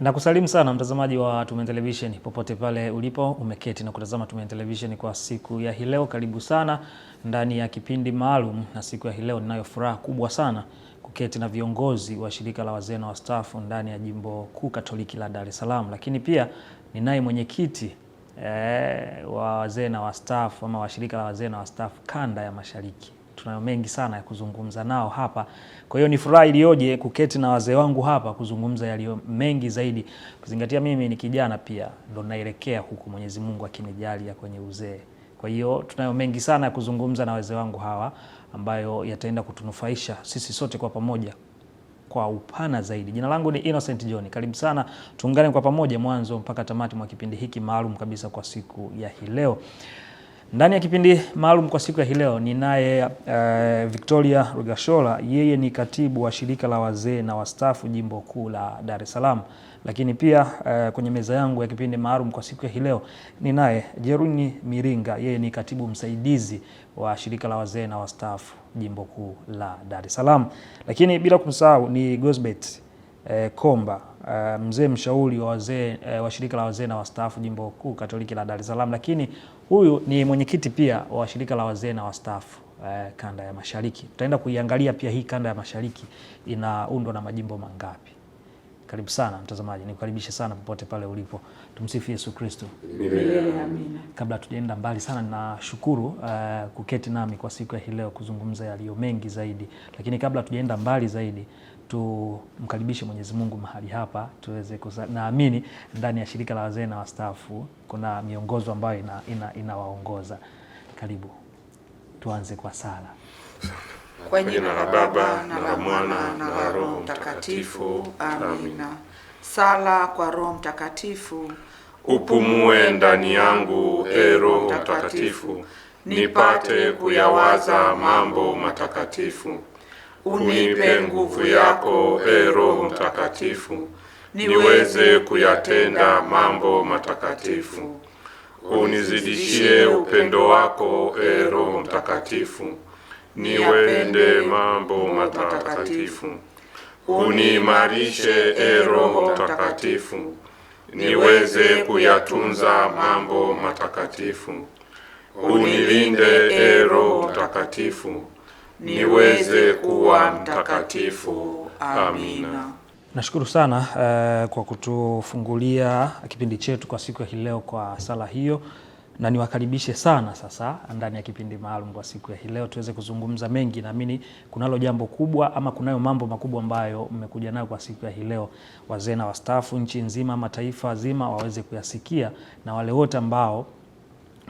Nakusalimu sana mtazamaji wa Tumaini Television popote pale ulipo umeketi na kutazama Tumaini Television kwa siku ya hii leo. Karibu sana ndani ya kipindi maalum, na siku ya hii leo ninayo furaha kubwa sana kuketi na viongozi wa shirika la wazee na wastaafu ndani ya jimbo kuu Katoliki la Dar es Salaam, lakini pia ninaye mwenyekiti eh, wa wazee na wastaafu ama wa shirika la wazee na wastaafu kanda ya Mashariki tunayo mengi sana ya kuzungumza nao hapa. Kwa hiyo ni furaha iliyoje kuketi na wazee wangu hapa kuzungumza yaliyo mengi zaidi, kuzingatia mimi ni kijana pia, ndo naelekea huku, Mwenyezi Mungu akinijalia kwenye uzee. Kwa hiyo tunayo mengi sana ya kuzungumza na wazee wangu hawa ambayo yataenda kutunufaisha sisi sote kwa pamoja kwa upana zaidi. Jina langu ni Innocent John. Karibu sana tuungane kwa pamoja mwanzo mpaka tamati mwa kipindi hiki maalum kabisa kwa siku ya hii leo. Ndani ya kipindi maalum kwa siku ya hii leo ninaye uh, Victoria Rugashola. Yeye ni katibu wa shirika la wazee na wastaafu jimbo kuu la Dar es Salaam, lakini pia uh, kwenye meza yangu ya kipindi maalum kwa siku ya hii leo ninaye Jeruni Miringa. Yeye ni katibu msaidizi wa shirika la wazee na wastaafu jimbo kuu la Dar es Salaam, lakini bila kumsahau ni Gosbet uh, eh, Komba Uh, mzee mshauri wa wazee uh, wa shirika la wazee na wastaafu jimbo kuu Katoliki la Dar es Salaam, lakini Huyu ni mwenyekiti pia wa shirika la wazee na wastaafu eh, kanda ya Mashariki. Tutaenda kuiangalia pia hii kanda ya Mashariki inaundwa na majimbo mangapi. Karibu sana mtazamaji, nikukaribishe sana popote pale ulipo. Tumsifu Yesu Kristo. Kabla tujaenda mbali sana, nashukuru uh, kuketi nami kwa siku ya hii leo kuzungumza yaliyo mengi zaidi, lakini kabla tujaenda mbali zaidi tumkaribishe Mwenyezi Mungu mahali hapa tuweze kusa. Naamini ndani ya shirika la wazee na wastaafu kuna miongozo ambayo inawaongoza ina, ina karibu tuanze kwa sala. Kwa jina la Baba na la Mwana na la Roho Mtakatifu, amina. Sala kwa Roho Mtakatifu. Upumue ndani yangu, e Roho Mtakatifu, nipate kuyawaza mambo matakatifu unipe nguvu yako, e, e Roho Mtakatifu, niweze kuyatenda mambo matakatifu. Unizidishie upendo wako, e, e Roho Mtakatifu, niwende mambo matakatifu. Uniimarishe, e Roho Mtakatifu, niweze kuyatunza mambo matakatifu. Unilinde, e Roho Mtakatifu, niweze kuwa mtakatifu. Amina. Nashukuru sana uh, kwa kutufungulia kipindi chetu kwa siku ya hii leo kwa sala hiyo, na niwakaribishe sana sasa ndani ya kipindi maalum kwa siku ya hii leo tuweze kuzungumza mengi. Naamini kunalo jambo kubwa ama kunayo mambo makubwa ambayo mmekuja nayo kwa siku ya hii leo, wazee na wastaafu nchi nzima, mataifa zima waweze kuyasikia, na wale wote ambao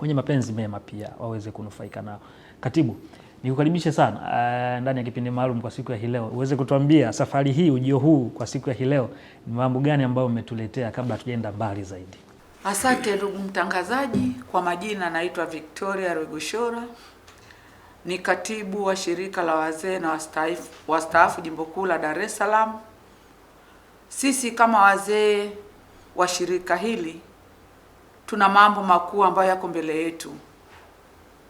wenye mapenzi mema pia waweze kunufaika nao. Katibu, Nikukaribishe sana uh, ndani ya kipindi maalum kwa siku ya hii leo, uweze kutuambia safari hii, ujio huu kwa siku ya hii leo ni mambo gani ambayo umetuletea kabla hatujaenda mbali zaidi? Asante ndugu mtangazaji. Kwa majina naitwa Victoria Rugushora, ni katibu wa shirika la wazee na wastaafu jimbo kuu la Dar es Salaam. Sisi kama wazee wa shirika hili tuna mambo makuu ambayo yako mbele yetu.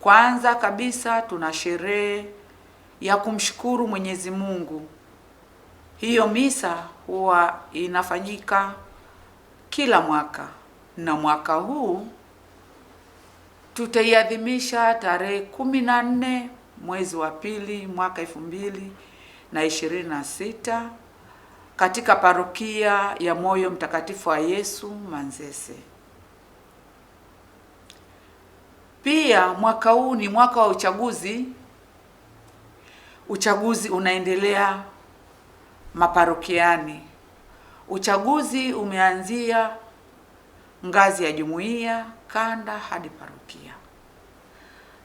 Kwanza kabisa tuna sherehe ya kumshukuru Mwenyezi Mungu. Hiyo misa huwa inafanyika kila mwaka na mwaka huu tutaiadhimisha tarehe kumi na nne mwezi wa pili mwaka elfu mbili na ishirini na sita katika parokia ya Moyo Mtakatifu wa Yesu Manzese. Pia mwaka huu ni mwaka wa uchaguzi. Uchaguzi unaendelea maparokiani. Uchaguzi umeanzia ngazi ya jumuiya, kanda hadi parokia.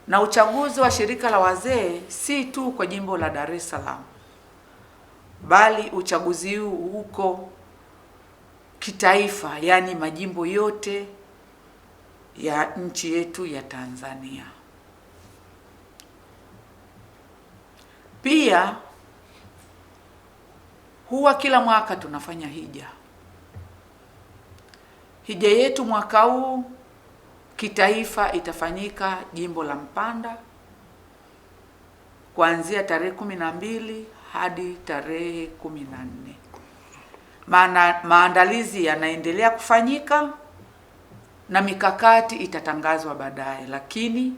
Na uchaguzi wa shirika la wazee si tu kwa jimbo la Dar es Salaam, bali uchaguzi huu uko kitaifa, yaani majimbo yote ya nchi yetu ya Tanzania. Pia huwa kila mwaka tunafanya hija. Hija yetu mwaka huu kitaifa itafanyika jimbo la Mpanda kuanzia tarehe kumi na mbili hadi tarehe kumi na nne. Maana maandalizi yanaendelea kufanyika na mikakati itatangazwa baadaye, lakini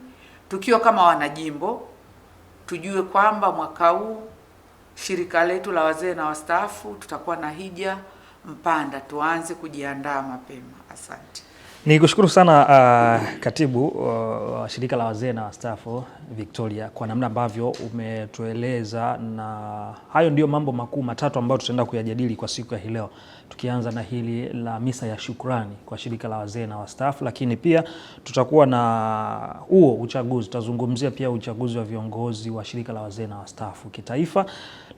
tukiwa kama wanajimbo tujue kwamba mwaka huu shirika letu la wazee na wastaafu tutakuwa na hija Mpanda, tuanze kujiandaa mapema. Asante. Ni kushukuru sana uh, katibu uh, wa uh, shirika la wazee na wastaafu Victoria, kwa namna ambavyo umetueleza, na hayo ndiyo mambo makuu matatu ambayo tutaenda kuyajadili kwa siku ya hii leo tukianza na hili la misa ya shukrani kwa shirika la wazee na wastaafu, lakini pia tutakuwa na huo uchaguzi, tutazungumzia pia uchaguzi wa viongozi wa shirika la wazee na wastaafu kitaifa.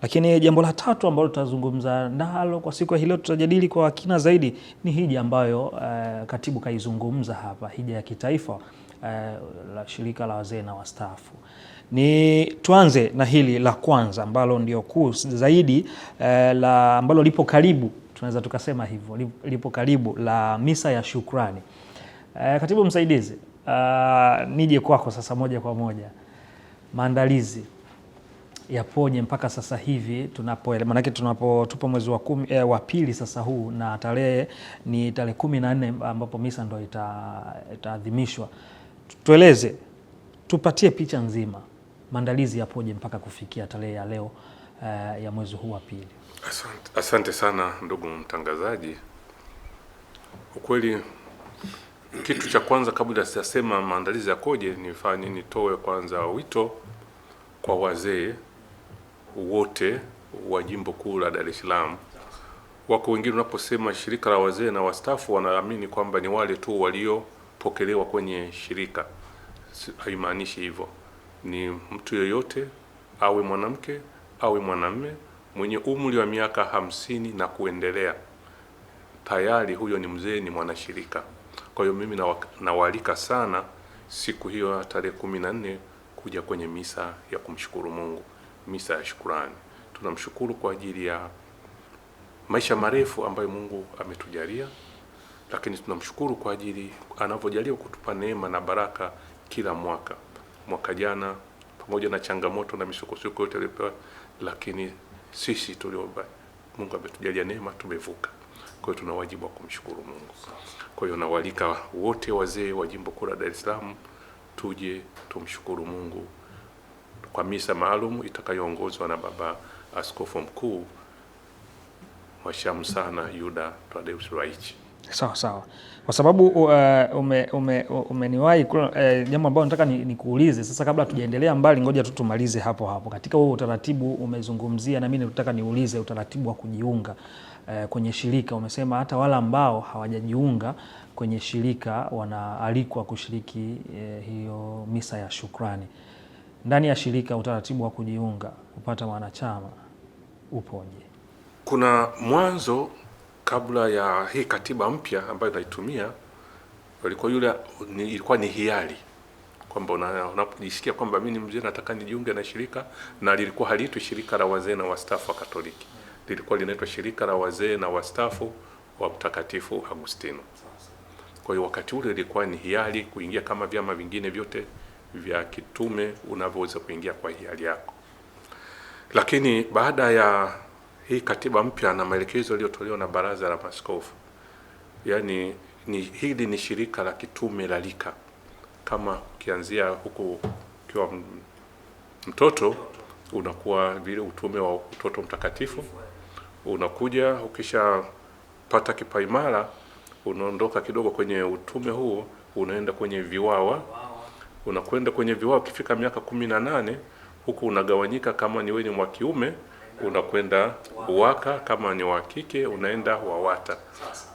Lakini jambo la tatu ambalo tutazungumza nalo kwa siku ya leo, tutajadili kwa kina zaidi ni hija ambayo uh, katibu kaizungumza hapa, hija ya kitaifa uh, la shirika la wazee na wastaafu ni tuanze na hili la kwanza ambalo ndio kuu zaidi eh, la ambalo lipo karibu tunaweza tukasema hivyo, lipo karibu la misa ya shukrani. Uh, katibu msaidizi uh, nije kwako sasa moja kwa moja, maandalizi yapoje mpaka sasa hivi tunapo maanake tunapotupa mwezi wa kumi, eh, wa pili sasa huu na tarehe ni tarehe kumi na nne ambapo misa ndo itaadhimishwa tueleze tupatie picha nzima maandalizi yapoje mpaka kufikia tarehe ya leo eh, ya mwezi huu wa pili. Asante, asante sana ndugu mtangazaji. Ukweli, kitu cha kwanza kabla sijasema maandalizi yakoje, nifanye nitoe kwanza wito kwa wazee wote wa jimbo kuu la Dar es Salaam. Wako wengine, unaposema shirika la wazee na wastaafu, wanaamini kwamba ni wale tu waliopokelewa kwenye shirika. Haimaanishi hivyo, ni mtu yeyote, awe mwanamke awe mwanamume mwenye umri wa miaka hamsini na kuendelea, tayari huyo ni mzee, ni mwanashirika. Kwa hiyo mimi nawaalika sana siku hiyo tarehe kumi na nne kuja kwenye misa ya kumshukuru Mungu, misa ya shukurani. Tunamshukuru kwa ajili ya maisha marefu ambayo Mungu ametujalia, lakini tunamshukuru kwa ajili anavyojalia kutupa neema na baraka kila mwaka. Mwaka jana pamoja na changamoto na misukosuko yote aliyopewa, lakini sisi tuliomba, Mungu ametujalia neema, tumevuka. Kwa hiyo tuna wajibu wa kumshukuru Mungu. Kwa hiyo nawalika wote wazee wa Jimbo Kuu la Dar es Salaam tuje tumshukuru Mungu kwa misa maalum itakayoongozwa na Baba Askofu Mkuu Mhashamu sana Yuda Thaddeus Ruwa'ichi. Sawa sawa, kwa sababu uh, umeniwahi ume, ume uh, jambo ambalo nataka nikuulize ni sasa, kabla tujaendelea mbali, ngoja tu tumalize hapo hapo. Katika huo utaratibu umezungumzia, na mimi nataka niulize utaratibu wa kujiunga uh, kwenye shirika. Umesema hata wale ambao hawajajiunga kwenye shirika wanaalikwa kushiriki uh, hiyo misa ya shukrani ndani ya shirika. Utaratibu wa kujiunga, kupata wanachama upoje? Kuna mwanzo kabla ya hii katiba mpya ambayo naitumia walikuwa yule ni, ilikuwa ni hiari kwamba unajisikia kwamba mimi ni mzee nataka nijiunge na shirika, na lilikuwa haliitwi shirika la wazee na wastaafu wa Katoliki, lilikuwa linaitwa shirika la wazee na wastaafu wa Mtakatifu Agustino. Kwa hiyo wakati ule ilikuwa ni hiari kuingia kama vyama vingine vyote vya kitume unavyoweza kuingia kwa hiari yako, lakini baada ya hii katiba mpya na maelekezo yaliyotolewa na baraza la maskofu yani, ni, hili ni shirika la kitume la lika, kama ukianzia huku ukiwa mtoto unakuwa vile utume wa utoto mtakatifu, unakuja ukishapata kipaimara, unaondoka kidogo kwenye utume huo, unaenda kwenye viwawa, unakwenda kwenye viwawa. Ukifika miaka kumi na nane huku unagawanyika, kama ni wenye mwa kiume unakwenda UWAKA, kama ni wa kike unaenda WAWATA.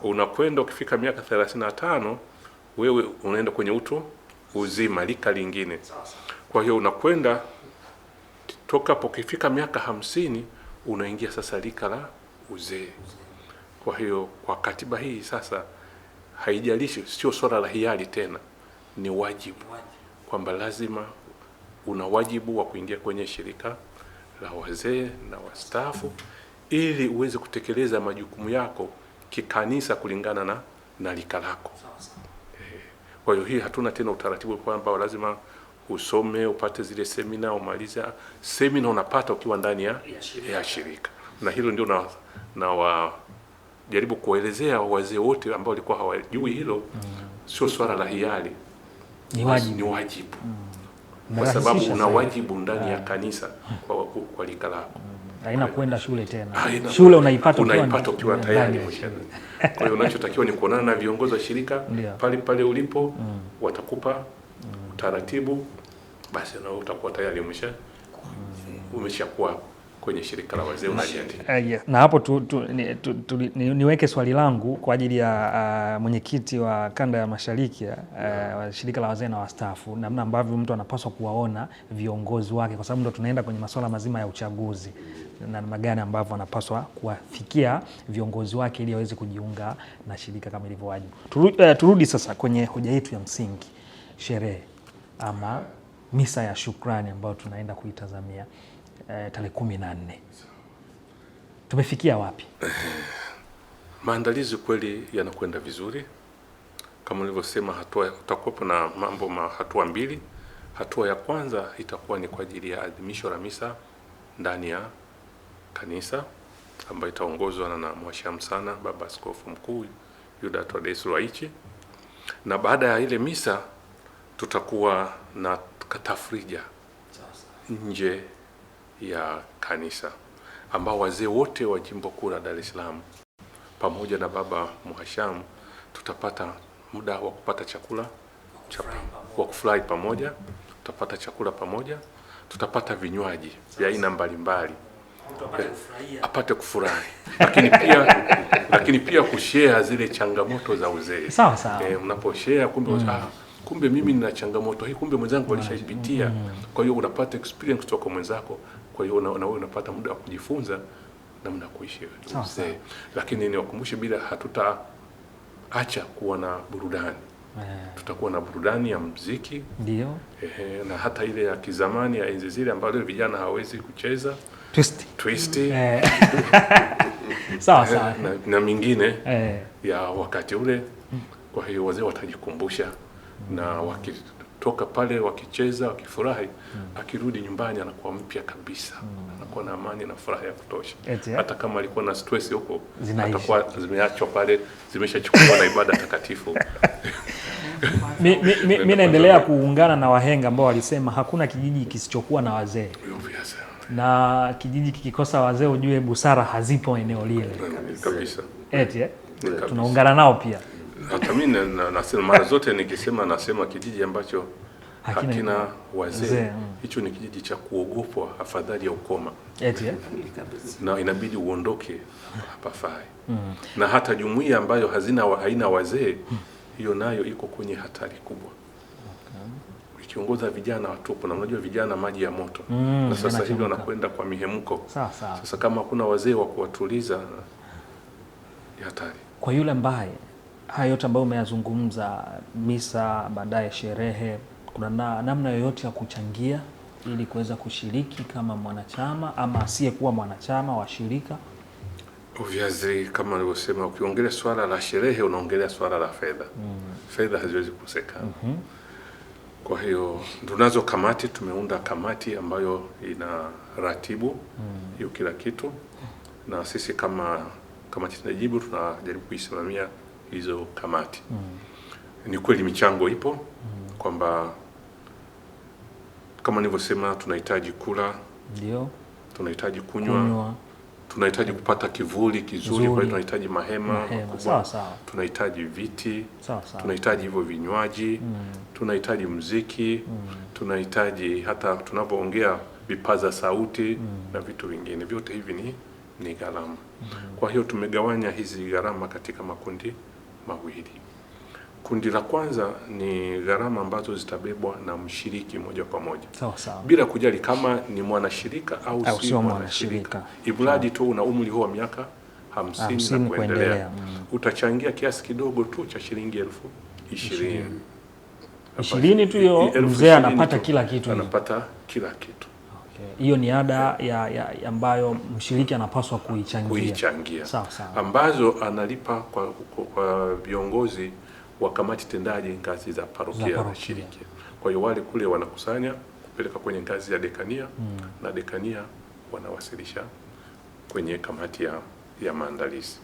Unakwenda ukifika miaka 35 wewe unaenda kwenye utu uzima, lika lingine. Kwa hiyo unakwenda toka pokifika miaka hamsini unaingia sasa lika la uzee. Kwa hiyo kwa katiba hii sasa haijalishi, sio swala la hiari tena, ni wajibu kwamba lazima una wajibu wa kuingia kwenye shirika la wazee na wastaafu ili uweze kutekeleza majukumu yako kikanisa kulingana na na lika lako. Kwa hiyo hii hatuna tena utaratibu kwamba lazima usome upate zile semina umaliza semina, unapata ukiwa ndani ya, ya shirika, na hilo ndio na, na wa jaribu kuelezea wazee wote ambao walikuwa hawajui hilo. Mm. Sio swala la hiari, ni wajibu, ni wajibu. Mm kwa sababu una wajibu ndani ya ah. kanisa kwa, kwa lika lako mm. haina kwenda shule tena. Aina, shule unaipata unaipata ukiwa tayari mwishoni. Kwa hiyo unachotakiwa ni kuonana na viongozi wa shirika pale pale ulipo mm. watakupa mm. utaratibu, basi na utakuwa tayari umesha umeshakuwa kwenye shirika la wazee unajendi. Uh, eh, yeah. Na hapo tu, tu, ni, tu, tu, ni, niweke swali langu kwa ajili ya uh, mwenyekiti wa kanda ya mashariki uh, shirika la wazee na wastaafu, namna ambavyo mtu anapaswa kuwaona viongozi wake, kwa sababu ndo tunaenda kwenye masuala mazima ya uchaguzi na namna gani ambavyo anapaswa kuwafikia viongozi wake ili aweze kujiunga na shirika kama wajibu. Turu, uh, turudi sasa kwenye hoja yetu ya msingi, sherehe ama misa ya shukrani ambayo tunaenda kuitazamia eh, tarehe kumi na nne. Tumefikia wapi? Maandalizi kweli yanakwenda vizuri kama ulivyosema, hatua utakuwepo na mambo ma hatua mbili. Hatua ya kwanza itakuwa ni kwa ajili ya adhimisho la misa ndani ya kanisa ambayo itaongozwa na mwashamu sana Baba Askofu Mkuu Yuda Adeus Ruwa'ichi, na baada ya ile misa tutakuwa na katafrija nje ya kanisa ambao wazee wote wa jimbo kuu la Dar es Salaam pamoja na baba Muhasham tutapata muda wa kupata chakula wa kufurahi pamoja, tutapata chakula pamoja, tutapata vinywaji vya aina mbalimbali apate kufurahi lakini pia lakini pia kushare zile changamoto za uzee sawa sawa. E, eh, mnaposhare kumbe mm. ah, kumbe mimi nina changamoto hii, kumbe mwenzangu alishaipitia. Mm. Kwa hiyo unapata experience kutoka mwenzako kwa hiyo na wewe unapata muda wa kujifunza namna ya kuishi uzee, lakini niwakumbushe, bila hatutaacha kuwa na burudani yeah. Tutakuwa na burudani ya mziki ndio, eh, na hata ile ya kizamani ya enzi zile ambayo vijana hawezi kucheza twist, twisti. Yeah. sawa eh, sawa, na, na mingine yeah. ya wakati ule. Mm. Kwa hiyo wazee watajikumbusha na kutoka pale wakicheza wakifurahi, mm. akirudi nyumbani anakuwa mpya kabisa mm. anakuwa na amani na furaha ya kutosha Etia. Eh? hata kama alikuwa na stress huko atakuwa zimeachwa pale, zimeshachukua na ibada takatifu. Mimi naendelea kuungana na wahenga ambao walisema hakuna kijiji kisichokuwa na wazee na kijiji kikikosa wazee, ujue busara hazipo eneo lile. Eh? Tunaungana nao pia. Hata mimi mara zote nikisema nasema kijiji ambacho hakina, hakina wazee mm. hicho ni kijiji cha kuogopwa, afadhali ya ukoma Eti, eh? na inabidi uondoke hapafai mm. na hata jumuiya ambayo hazina wa, haina wazee mm. hiyo nayo iko kwenye hatari kubwa okay. ikiongoza vijana watupu, na unajua vijana maji ya moto mm, na sasa hivi wanakwenda kwa mihemko sasa. Sasa kama hakuna wazee wa kuwatuliza, hatari kwa yule ambaye haya yote ambayo umeyazungumza, misa, baadaye sherehe, kuna na, namna yoyote ya kuchangia ili kuweza kushiriki kama mwanachama ama asiyekuwa mwanachama wa shirika? Obviously, kama alivyosema ukiongelea swala la sherehe unaongelea swala la fedha mm. Fedha haziwezi kukosekana mm -hmm. Kwa hiyo tunazo kamati, tumeunda kamati ambayo ina ratibu mm. hiyo mm. kila kitu, na sisi kama kamati tunajibu tunajaribu kuisimamia hizo kamati mm. Ni kweli michango ipo mm. kwamba kama nilivyosema, tunahitaji kula, ndio tunahitaji kunywa, tunahitaji kupata kivuli kizuri, kwa hiyo tunahitaji mahema makubwa, tunahitaji viti, tunahitaji hivyo vinywaji mm. tunahitaji mziki mm. tunahitaji hata tunapoongea vipaza sauti mm. na vitu vingine vyote hivi ni ni gharama. mm -hmm. Kwa hiyo tumegawanya hizi gharama katika makundi mawili. Kundi la kwanza ni gharama ambazo zitabebwa na mshiriki moja kwa moja sawa sawa, bila kujali kama ni mwanashirika au, au sio mwanashirika, imradi tu una umri huo wa miaka hamsini na kuendelea, mm. utachangia kiasi kidogo tu cha shilingi elfu ishirini ishirini tu, hiyo mzee anapata kila kitu, anapata kila kitu hiyo ni ada ya, ya, ambayo mshiriki anapaswa kuichangia, kuichangia. Sawa, sawa. ambazo analipa kwa, kwa viongozi wa kamati tendaji ngazi za parokia na shiriki. Kwa hiyo wale kule wanakusanya kupeleka kwenye ngazi ya dekania hmm. na dekania wanawasilisha kwenye kamati ya, ya maandalizi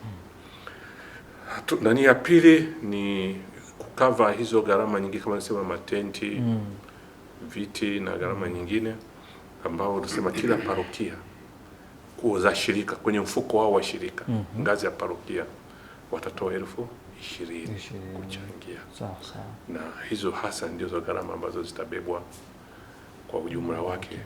hmm. nani ya pili ni kukava hizo gharama nyingi kama nasema matenti hmm. viti na gharama hmm. nyingine ambao unasema kila parokia kuo za shirika kwenye mfuko wao wa shirika mm -hmm. ngazi ya parokia watatoa elfu ishirini kuchangia so, so. na hizo hasa ndio za gharama ambazo zitabebwa kwa ujumla wake.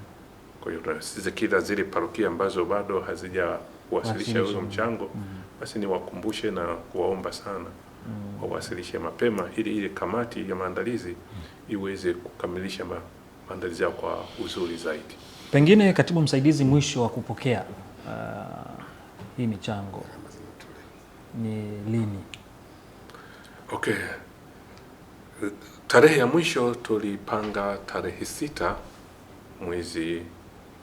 Kwa hiyo tunasisitiza kila zile parokia ambazo bado hazijawasilisha huyo mchango mm -hmm. basi niwakumbushe na kuwaomba sana mm -hmm. wawasilishe mapema ili ile kamati ya maandalizi mm -hmm. iweze kukamilisha ma maandalizi yao kwa uzuri zaidi. Pengine katibu msaidizi, mwisho wa kupokea uh, hii michango ni lini? Okay, tarehe ya mwisho tulipanga tarehe sita mwezi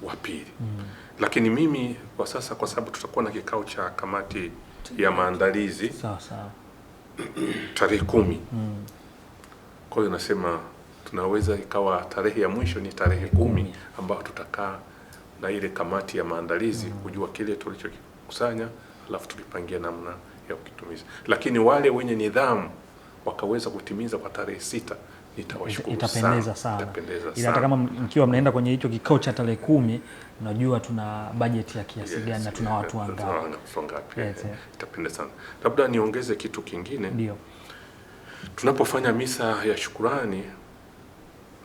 wa pili mm. Lakini mimi kwa sasa, kwa sababu tutakuwa na kikao cha kamati ya maandalizi sawa sawa tarehe kumi mm. Kwa hiyo nasema tunaweza ikawa tarehe ya mwisho ni tarehe kumi ambayo tutakaa na ile kamati ya maandalizi mm. kujua kile tulichokikusanya, alafu tukipangia namna ya kukitumiza. Lakini wale wenye nidhamu wakaweza kutimiza kwa tarehe sita nitawashukuru itapendeza sana, itapendeza sana. Hata kama mkiwa mnaenda kwenye hicho kikao cha tarehe kumi, najua tuna bajeti ya kiasi gani na tuna watu wangapi, itapendeza sana. Labda niongeze kitu kingine, ndio tunapofanya misa ya shukurani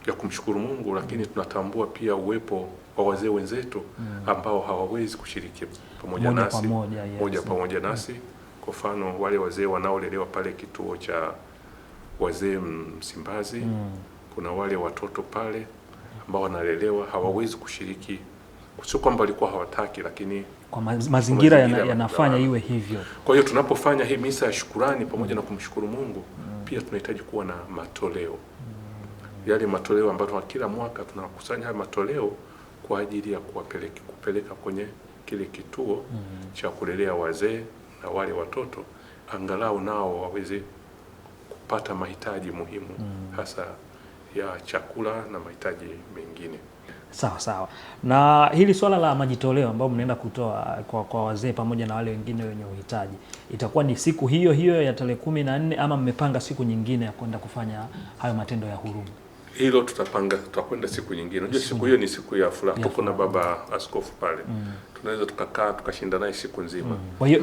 ya kumshukuru Mungu, lakini tunatambua pia uwepo wa wazee wenzetu mm. ambao hawawezi kushiriki pamoja moja nasi pamoja, yes. moja pamoja nasi kwa mfano wale wazee wanaolelewa pale kituo cha wazee Msimbazi mm. kuna wale watoto pale ambao wanalelewa hawawezi kushiriki, sio kwamba walikuwa hawataki, lakini kwa mazingira, yanafanya iwe hivyo. Kwa hiyo tunapofanya hii misa ya shukurani pamoja mm. na kumshukuru Mungu mm. pia tunahitaji kuwa na matoleo mm yale matoleo ambayo kila mwaka tunakusanya haya matoleo kwa ajili ya kuwapeleka kupeleka kwenye kile kituo mm -hmm. cha kulelea wazee na wale watoto angalau nao waweze kupata mahitaji muhimu mm -hmm. hasa ya chakula na mahitaji mengine. Sawa sawa. Na hili swala la majitoleo ambayo mnaenda kutoa kwa, kwa wazee pamoja na wale wengine wenye uhitaji itakuwa ni siku hiyo hiyo ya tarehe kumi na nne ama mmepanga siku nyingine ya kwenda kufanya hayo matendo ya huruma? hilo tutapanga, tutakwenda siku nyingine. Unajua siku hiyo ni siku ya furaha, tuko na baba askofu pale mm. tunaweza tukakaa tukashinda naye siku nzima. Mm. Kwa hiyo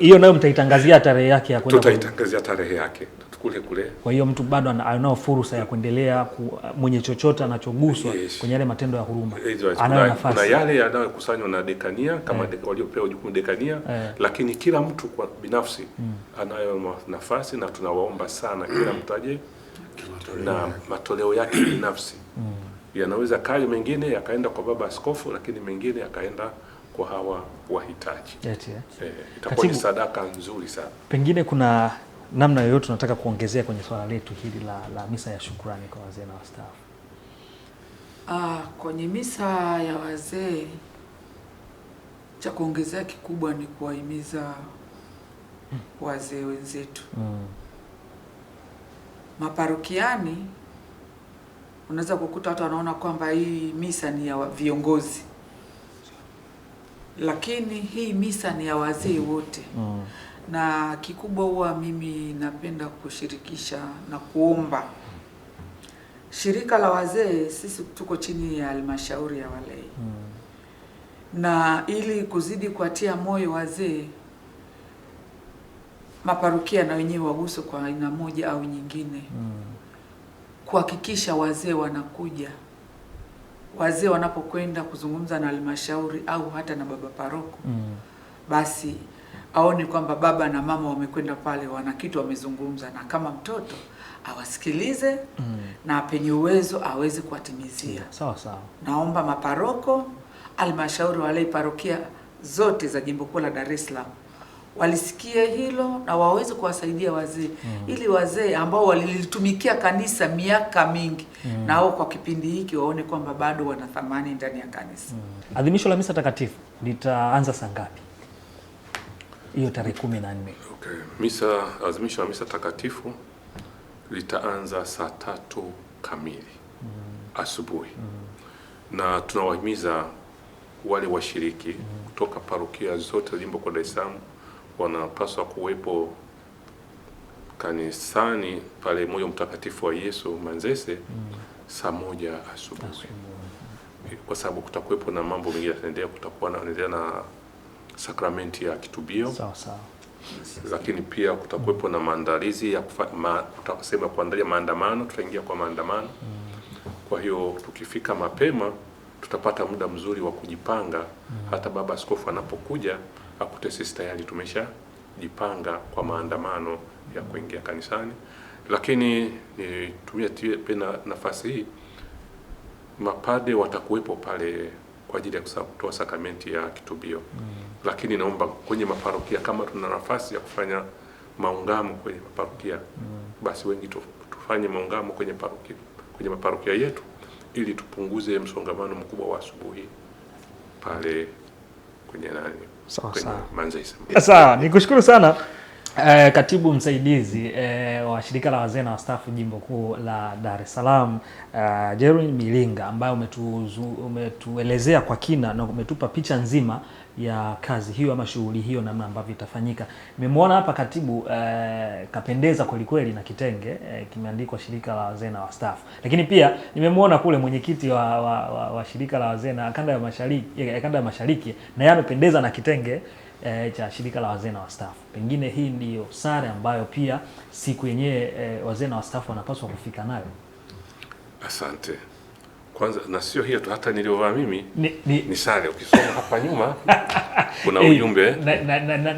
hiyo nayo mtaitangazia tarehe yake ya kwenda, tutaitangazia tarehe yake kule kule. Kwa hiyo mtu bado anayo fursa ya kuendelea ku, mwenye chochote anachoguswa yes. kwenye yale matendo ya huruma eh, anayo nafasi. na yale yanayokusanywa na dekania kama yeah. dek, waliopewa jukumu dekania yeah. lakini kila mtu kwa binafsi mm. anayo nafasi na tunawaomba sana kila mtu aje na matoleo yake binafsi mm. yanaweza kali mengine yakaenda kwa baba askofu, lakini mengine yakaenda kwa hawa wahitaji. Eh. Eh, itakuwa ni sadaka nzuri sana. Pengine kuna namna yoyote tunataka kuongezea kwenye swala letu hili la, la misa ya shukrani kwa wazee na wastaafu? Ah, kwenye misa ya wazee cha kuongezea kikubwa ni kuwahimiza hmm. wazee wenzetu mm maparokiani unaweza kukuta watu wanaona kwamba hii misa ni ya viongozi, lakini hii misa ni ya wazee wote mm. Na kikubwa huwa mimi napenda kushirikisha na kuomba shirika la wazee, sisi tuko chini ya halmashauri ya walei mm. Na ili kuzidi kuatia moyo wazee maparokia na wenyewe waguswe kwa aina moja au nyingine mm. kuhakikisha wazee wanakuja, wazee wanapokwenda kuzungumza na halmashauri au hata na baba paroko mm. basi aone kwamba baba na mama wamekwenda pale, wana kitu wamezungumza, na kama mtoto awasikilize mm. na penye uwezo aweze kuwatimizia sawa sawa. Naomba maparoko halmashauri walei parokia zote za jimbo kuu la Dar es Salaam walisikie hilo na waweze kuwasaidia wazee mm. ili wazee ambao walilitumikia kanisa miaka mingi mm. nao kwa kipindi hiki waone kwamba bado wana thamani ndani ya kanisa mm. Adhimisho la misa takatifu litaanza saa ngapi? hiyo tarehe kumi na nne. Okay. Misa, adhimisho la misa takatifu litaanza saa tatu kamili mm. asubuhi mm. na tunawahimiza wale washiriki mm. kutoka parokia zote zilizopo kwa Dar es Salaam wanapaswa kuwepo kanisani pale moyo mtakatifu wa Yesu Manzese mm. saa moja asubuhi, kwa sababu kutakuwepo na mambo mengine yataendelea, kutakuwa naendelea na sakramenti ya kitubio sawa sawa, lakini pia kutakuwepo mm. na maandalizi ya ma, kuandalia maandamano, tutaingia kwa maandamano mm. kwa hiyo tukifika mapema tutapata muda mzuri wa kujipanga mm. hata baba askofu anapokuja akute sisi tayari tumeshajipanga kwa maandamano ya kuingia kanisani. Lakini nitumie tena nafasi hii, mapade watakuwepo pale kwa ajili ya kutoa sakramenti ya kitubio mm. Lakini naomba kwenye maparokia kama tuna nafasi ya kufanya maungamo kwenye maparokia mm. Basi wengi tufanye maungamo kwenye parokia, kwenye maparokia yetu ili tupunguze msongamano mkubwa wa asubuhi pale kwenye nani sawa sawa. Manzi, Sawa, nikushukuru sana. Eh, katibu msaidizi eh, wa shirika la wazee na wastaafu jimbo kuu la Dar es Salaam eh, Jerwin Milinga ambaye umetuelezea kwa kina na umetupa picha nzima ya kazi hiyo ama shughuli hiyo namna ambavyo itafanyika. Nimemwona hapa katibu eh, kapendeza kwelikweli kweli na kitenge eh, kimeandikwa shirika la wazee na wastaafu, lakini pia nimemwona kule mwenyekiti wa, wa, wa, wa shirika la wazee na kanda ya mashariki, eh, kanda ya mashariki na yeye amependeza na kitenge e, cha shirika la wazee na wastaafu. Pengine hii ndiyo sare ambayo pia siku yenyewe eh, wazee na wastaafu wanapaswa kufika nayo. Asante. Kwanza na sio hiyo tu, hata niliovaa mimi ni, ni, ni sare. Ukisoma hapa nyuma kuna ujumbe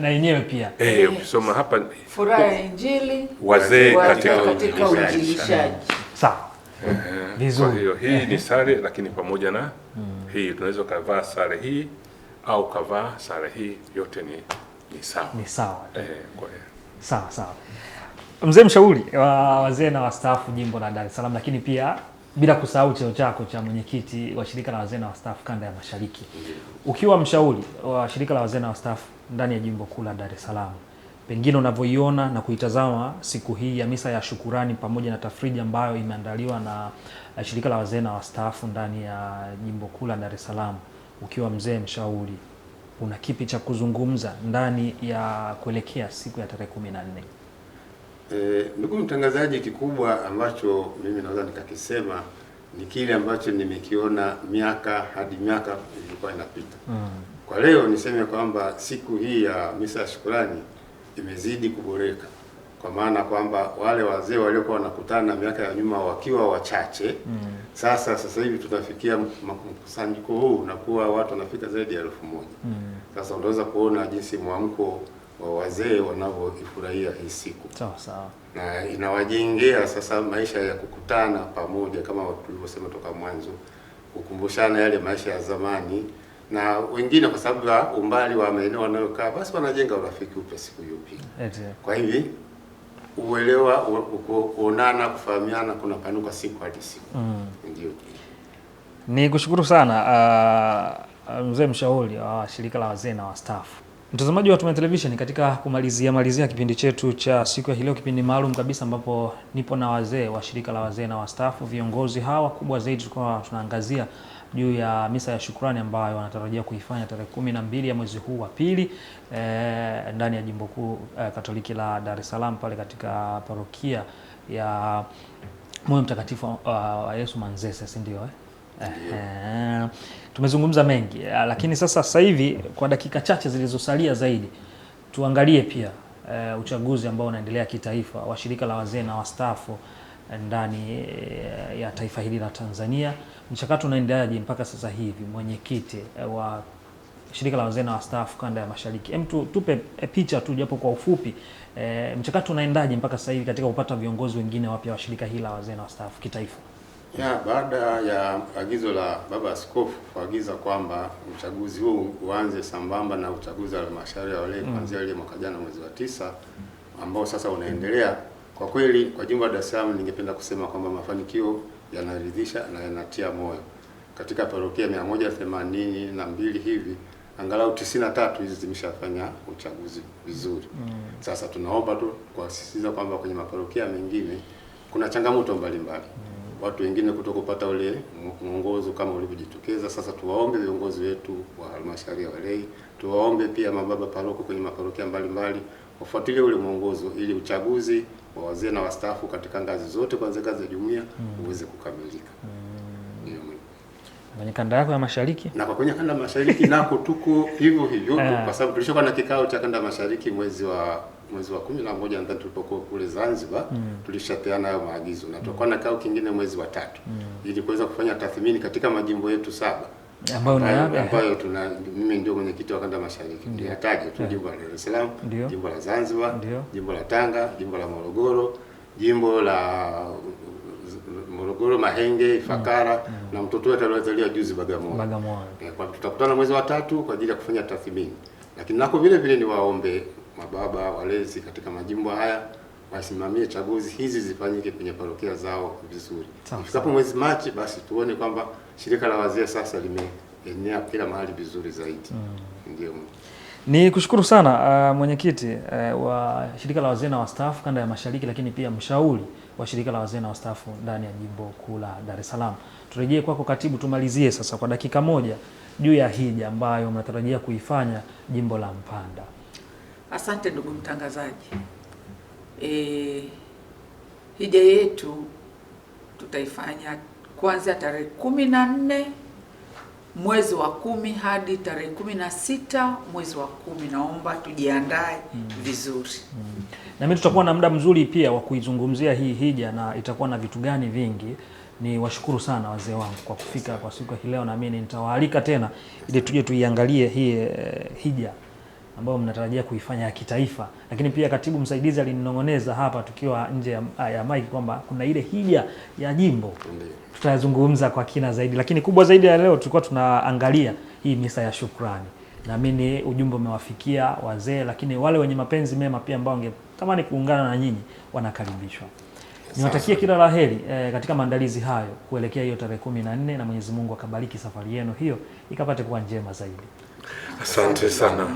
na yenyewe pia eh, ukisoma hapa furaha ya Injili, wazee katika ujilishaji. Sawa. Eh, kwa hiyo hii ni sare, lakini pamoja na hmm. hii tunaweza ukavaa sare hii au kavaa sare hii, yote ni, ni sawa ni sawa eh, kwa hiyo sawa sawa. Mzee mshauri wa wazee na wastaafu jimbo la Dar es Salaam, lakini pia bila kusahau cheo chako cha mwenyekiti wa shirika la wazee na wastaafu kanda ya Mashariki, ukiwa mshauri wa shirika la wazee na wastaafu ndani ya jimbo kuu la Dar es Salaam, pengine unavyoiona na kuitazama siku hii ya misa ya shukurani pamoja na tafrija ambayo imeandaliwa na eh, shirika la wazee na wastaafu ndani ya jimbo kuu la Dar es Salaam, ukiwa mzee mshauri, una kipi cha kuzungumza ndani ya kuelekea siku ya tarehe kumi na nne? Eh, ndugu mtangazaji, kikubwa ambacho mimi naweza nikakisema ni kile ambacho nimekiona miaka hadi miaka ilikuwa inapita. Mm. Kwa leo niseme kwamba siku hii ya misa ya shukurani imezidi kuboreka kwa maana kwamba wale wazee waliokuwa wanakutana miaka ya nyuma wakiwa wachache mm. Sasa sasa hivi tunafikia mkusanyiko huu unakuwa watu wanafika zaidi ya elfu moja mm. Sasa unaweza kuona jinsi mwamko wa wazee wanavyoifurahia hii siku sawa sawa, na inawajengea sasa maisha ya kukutana pamoja kama tulivyosema toka mwanzo, kukumbushana yale maisha ya zamani, na wengine kwa sababu ya umbali wa maeneo wanayokaa, basi wanajenga urafiki upya siku hiyo pia kwa hivi uelewa, kuonana, kufahamiana kunapanuka siku hadi siku. Mm. Ndio. Ni kushukuru sana uh, mzee mshauri wa uh, shirika la wazee na wastaafu. Mtazamaji wa Tumaini Television, katika kumalizia malizia kipindi chetu cha siku ya leo, kipindi maalum kabisa ambapo nipo na wazee wa shirika la wazee na wastaafu. Viongozi hawa kubwa zaidi, tulikuwa tunaangazia juu ya misa ya shukrani ambayo wanatarajia kuifanya tarehe kumi na mbili ya mwezi huu wa pili eh, ndani ya jimbo kuu eh, Katoliki la Dar es Salaam pale katika parokia ya Moyo Mtakatifu eh, wa uh, Yesu Manzese, si ndio eh? eh tumezungumza mengi eh, lakini sasa sasa hivi kwa dakika chache zilizosalia zaidi tuangalie pia eh, uchaguzi ambao unaendelea kitaifa wa shirika la wazee na wastaafu ndani eh, ya taifa hili la Tanzania. Mchakato unaendeleaje mpaka sasa hivi, mwenyekiti eh, wa shirika la wazee na wastaafu kanda ya mashariki? Hem, tupe eh, picha tu japo kwa ufupi e, mchakato unaendaje mpaka sasa hivi katika kupata viongozi wengine wapya wa shirika hili la wazee na wastaafu kitaifa? Ya, baada ya agizo la Baba Askofu kuagiza kwamba uchaguzi huu uanze sambamba na uchaguzi wa halmashauri ya wilaya mm. kuanzia ile mwaka jana mwezi wa tisa ambao sasa unaendelea kwa kweli kwa jimbo la Dar es Salaam ningependa kusema kwamba mafanikio yanaridhisha na yanatia moyo. Katika parokia mbili hivi angalau tatu hizi zimeshafanya uchaguzi vizuri. Mm. Sasa tunaomba tu kuasisitiza kwamba kwenye maparokia mengine kuna changamoto mbalimbali. Mm. Watu wengine kupata ule mwongozo kama ulivyojitokeza. Sasa tuwaombe viongozi wetu wa halmashauri ya walei, tuwaombe pia mababa paroko kwenye maparokia mbalimbali wafuatilie ule mwongozo ili uchaguzi wa wazee na wastaafu katika ngazi zote kuanzia ngazi ya jumuiya mm. uweze kukamilika mm. kwenye kanda yako ya mashariki na kwa kwenye kanda ya mashariki nako tuko hivyo hivyo ah. kwa sababu tulishokuwa na kikao cha kanda ya mashariki mwezi wa mwezi wa kumi na moja nadhani tulipokuwa kule Zanzibar mm. tulishapeana hayo maagizo na mm. tutakuwa na kikao kingine mwezi wa tatu mm. ili kuweza kufanya tathmini katika majimbo yetu saba ambayo tuna mimi ndio mwenyekiti wa kanda mashariki, niyataje tu eh. jimbo la Dar es Salaam, jimbo la Zanzibar, jimbo la Tanga, jimbo la Morogoro, jimbo la Morogoro, Mahenge, Ifakara mm. mm. na mtoto wetu aliozaliwa juzi Bagamoyo. Bagamoyo. Eh, kwa tutakutana mwezi wa tatu kwa ajili ya kufanya tathmini, lakini nako vile vile ni waombe mababa walezi katika majimbo haya wasimamie chaguzi hizi zifanyike kwenye parokia zao vizuri. Ifikapo mwezi Machi, basi tuone kwamba shirika la wazee sasa limeenea kila mahali vizuri zaidi. Mm. Ndio. Ni kushukuru sana uh, mwenyekiti uh, wa shirika la wazee na wastaafu kanda ya Mashariki, lakini pia mshauri wa shirika la wazee na wastaafu ndani ya jimbo kuu la Dar es Salaam. Turejee kwako katibu, tumalizie sasa kwa dakika moja juu ya hija ambayo mnatarajia kuifanya jimbo la Mpanda. Asante ndugu mtangazaji e, hija yetu tutaifanya kuanzia tarehe kumi na nne mwezi wa kumi hadi tarehe kumi na sita mwezi wa kumi. Naomba tujiandae mm. vizuri mm. na mimi tutakuwa na muda mzuri pia wa kuizungumzia hii hija na itakuwa na vitu gani vingi. Ni washukuru sana wazee wangu kwa kufika kwa siku hii leo, na mimi nitawaalika tena ili tuje tuiangalie hii eh, hija ambayo mnatarajia kuifanya ya kitaifa. Lakini pia katibu msaidizi alininong'oneza hapa tukiwa nje ya, ya mike kwamba kuna ile hija ya jimbo, tutayazungumza kwa kina zaidi, lakini kubwa zaidi ya leo tulikuwa tunaangalia hii misa ya shukrani. Naamini ujumbe umewafikia wazee, lakini wale wenye mapenzi mema pia ambao wangetamani kuungana na nyinyi wanakaribishwa. Niwatakie kila la heri eh, katika maandalizi hayo kuelekea hiyo tarehe kumi na nne na Mwenyezi Mungu akabariki safari yenu hiyo ikapate kuwa njema zaidi. Asante sana.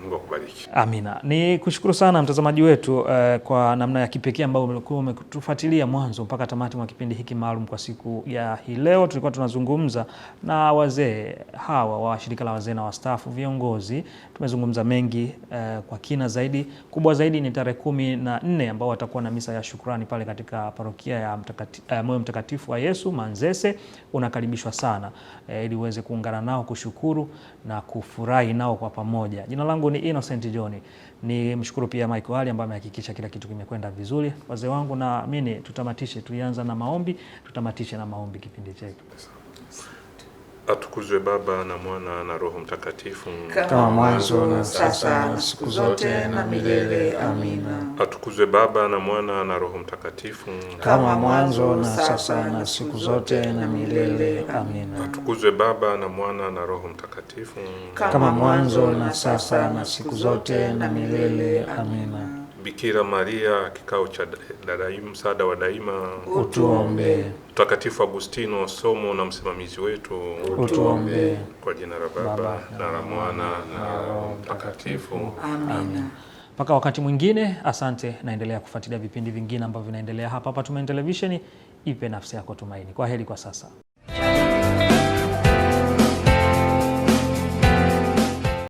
Mungu akubariki. Amina. Ni kushukuru sana mtazamaji wetu uh, kwa namna ya kipekee ambayo umekuwa umetufuatilia mwanzo mpaka tamati mwa kipindi hiki maalum kwa siku ya hii leo. Tulikuwa tunazungumza na wazee hawa wa shirika la wazee na wastaafu viongozi. Tumezungumza mengi uh, kwa kina zaidi. Kubwa zaidi ni tarehe kumi na nne ambao watakuwa na misa ya shukrani pale katika parokia ya mtakati, uh, Moyo Mtakatifu wa Yesu Manzese. Unakaribishwa sana uh, ili uweze kuungana nao kushukuru na kufurahi nao kwa pamoja moja. Jina langu ni Innocent John. Ni mshukuru pia Mike Ali ambaye amehakikisha kila kitu kimekwenda vizuri. Wazee wangu na mimi tutamatishe, tulianza na maombi, tutamatishe na maombi kipindi chetu. Atukuzwe Baba na Mwana na Roho Mtakatifu, kama mwanzo na sasa na siku zote na milele. Amina. Atukuzwe Baba na Mwana na Roho Mtakatifu, kama mwanzo na sasa na siku zote na milele. Amina. Atukuzwe Baba na Mwana na Roho Mtakatifu, kama mwanzo na sasa na siku zote na milele. Amina. Bikira Maria, kikao cha daima, msaada wa daima, utuombee. Mtakatifu Agustino, somo na msimamizi wetu, utuombee. Kwa jina la Baba na la Mwana na Roho Mtakatifu, amina. Mpaka wakati mwingine, asante. Naendelea kufuatilia vipindi vingine ambavyo vinaendelea hapa hapa Tumaini Televisheni. Ipe nafsi yako tumaini. Kwa heri kwa sasa.